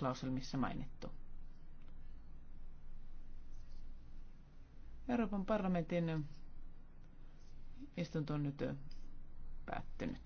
klauselmissa mainittu. Euroopan parlamentin istunto on nyt päättynyt.